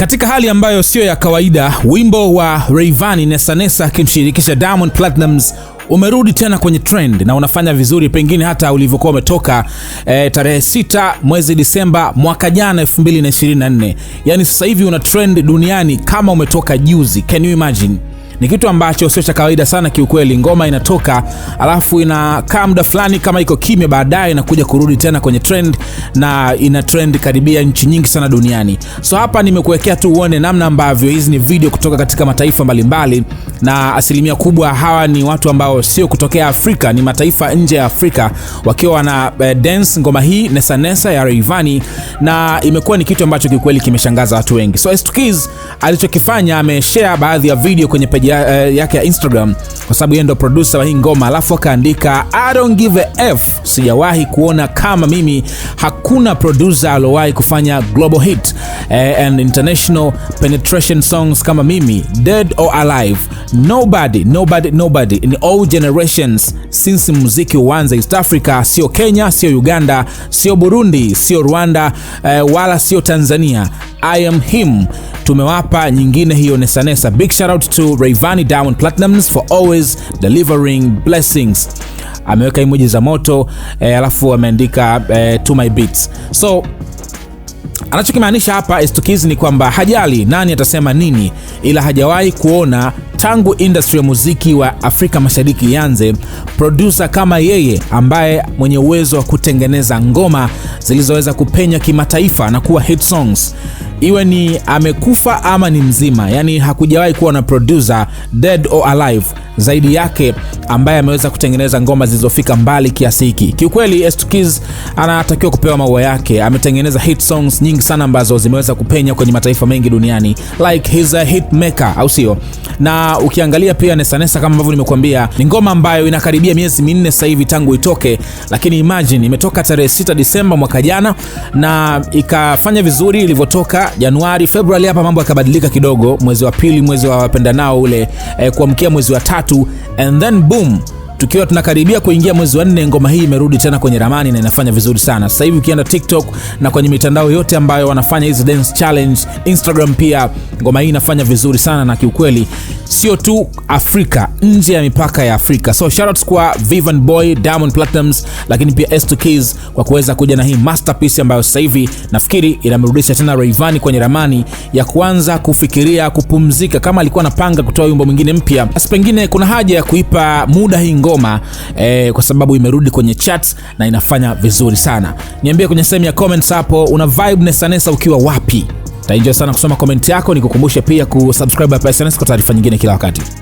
Katika hali ambayo siyo ya kawaida, wimbo wa Rayvanny nesanesa akimshirikisha Diamond Platnumz umerudi tena kwenye trend na unafanya vizuri pengine hata ulivyokuwa umetoka e, tarehe sita mwezi Disemba mwaka jana 2024. Yaani sasa hivi una trend duniani kama umetoka juzi. Can you imagine? ni kitu ambacho sio cha kawaida sana kiukweli. Ngoma inatoka alafu inakaa muda fulani kama iko kimya, baadaye inakuja kurudi tena kwenye trend na ina trend karibia nchi nyingi sana duniani. So hapa nimekuwekea tu uone namna ambavyo hizi ni video kutoka katika mataifa mbalimbali mbali na asilimia kubwa hawa ni watu ambao sio kutokea Afrika, ni mataifa nje ya Afrika, wakiwa wana uh, dance ngoma hii nesa nesa ya Rayvanny, na imekuwa ni kitu ambacho kiukweli kimeshangaza watu wengi. So s 2 alichokifanya, ameshare baadhi ya video kwenye peji uh, eh, yake ya Instagram kwa sababu yeye ndo producer wa hii ngoma, alafu akaandika I don't give a f, sijawahi kuona kama mimi, hakuna producer aliowahi kufanya global hit uh, and international penetration songs kama mimi, dead or alive Nobody, nobody, nobody in all generations since muziki uanze East Africa, sio Kenya, sio Uganda, sio Burundi, sio Rwanda, eh, wala sio Tanzania. I am him. Tumewapa nyingine hiyo nesa nesa. Big shout out to rayvani Diamond platinums for always delivering blessings. Ameweka imoji za moto eh, alafu ameandika eh, to my beats. So Anachokimaanisha hapa Estokizi ni kwamba hajali nani atasema nini, ila hajawahi kuona tangu industry ya muziki wa Afrika Mashariki ianze producer kama yeye ambaye mwenye uwezo wa kutengeneza ngoma zilizoweza kupenya kimataifa na kuwa hit songs iwe ni amekufa ama ni mzima, yani hakujawahi kuwa na producer dead or alive zaidi yake ambaye ameweza kutengeneza ngoma zilizofika mbali kiasi hiki. Kiukweli Estukiz anatakiwa kupewa maua yake. Ametengeneza hit songs nyingi sana ambazo zimeweza kupenya kwenye mataifa mengi duniani, like he's a hit maker, au sio? Na ukiangalia pia Nesa Nesa, kama ambavyo nimekuambia, ni ngoma ambayo inakaribia miezi minne sasa hivi tangu itoke, lakini imagine imetoka tarehe 6 Disemba mwaka jana na ikafanya vizuri ilivyotoka Januari, Februari hapa mambo yakabadilika kidogo, mwezi wa pili, mwezi wa wapendanao ule eh, kuamkia mwezi wa tatu and then boom tukiwa tunakaribia kuingia mwezi wa nne, ngoma hii imerudi tena kwenye ramani na inafanya vizuri sana. Sasa hivi ukienda TikTok na kwenye mitandao yote ambayo wanafanya hizi dance challenge, Instagram pia, ngoma hii inafanya vizuri sana, na kiukweli sio tu Afrika, nje ya mipaka ya Afrika. So shout out kwa Vivian Boy, Diamond platinums lakini pia S2 Keys kwa kuweza kuja na hii masterpiece ambayo sasa hivi nafikiri inamrudisha tena reivani kwenye ramani ya kuanza kufikiria kupumzika. Kama alikuwa anapanga kutoa wimbo mwingine mpya, basi pengine kuna haja ya kuipa muda hii ngoma eh, kwa sababu imerudi kwenye chat na inafanya vizuri sana. Niambie kwenye sehemu ya comments hapo una vibe Nesa ukiwa wapi? Taenjoy sana kusoma komenti yako, nikukumbushe pia kusubscribe hapa SnS kwa taarifa nyingine kila wakati.